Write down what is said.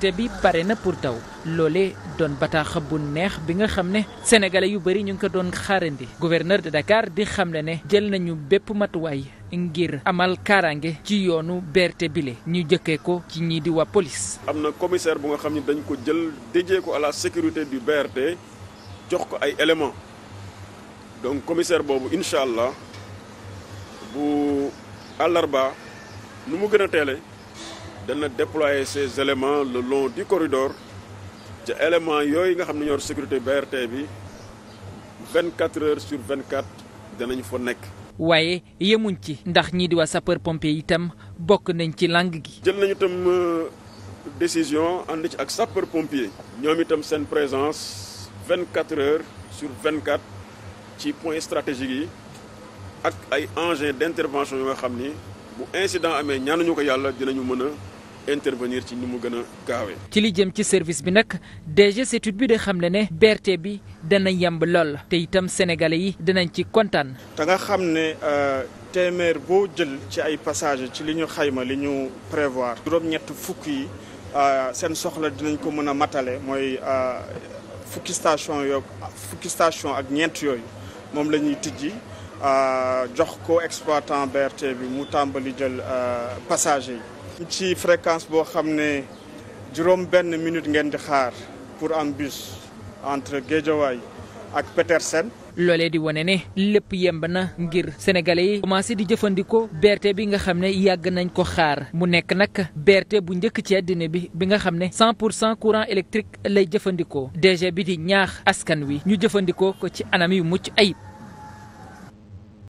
te bi pare na pour taw loole doon bataaxa bu neex bi nga xam ne sénégalais yu bëri ñu ngi ko doon xaarandi gouverneur de Dakar di xamle ne jël nañu bépp matuwaay ngir amal kaaraange ci yoonu BRT bile ñu jëkkee ko ci ñii di waa police. am na commissaire bu nga xam ne dañ ko jël déjee ko à la sécurité du BRT jox ko ay éléments donc commissaire boobu incha allah bu àllarba nu mu gën a teele dana déployer ces éléments le long du corridor ca éléments yooyu nga xam ne ñoo sécurité BRT bi 24 heures sur 24 danañ fa nekk. waaye yemuñ ci. ndax ñii di waa sapeur pompier itam bokk nañ ci lang gi. jël nañu itam euh, décision ànd ci ak sapeur pompier. ñoom itam seen présence 24 heures sur 24 ci point stratégique yi ak ay engins d' intervention yoo xam ni bu insident amee ñu ko yàlla dinañu mën a. intervenir ci ni mu gën a gaawee. ci li jëm ci service bi nag DG étude bi di xamle ne BRT bi dana yemb lool te itam sénégalais yi dinañ ci kontaan. te nga xam ne euh, téeméer boo jël ci ay passagers ci li ñu xayma li ñu prévoir. juróom-ñett fukk yi euh, seen soxla dinañ ko mën a matale mooy euh, fukki station yoo fukki station ak ñeent yooyu moom la ñuy tijji. jox ko exploitant BRT bi mu tàmbali jël passager yi ci fréquence boo xam ne juróom benn minute ngeen di xaar pour am bus entre Guédiawaye ak Petersen. loolee di wane ne lépp yemb na ngir sénégalais yi commencé di jëfandikoo BRT bi nga xam ne yàgg nañ ko xaar mu nekk nag BRT bu njëkk ci àddina bi bi nga xam ne 100 pour cent courant électrique lay jëfandikoo DG bi di ñaax askan wi ñu jëfandikoo ko ci anam yu mucc ayib.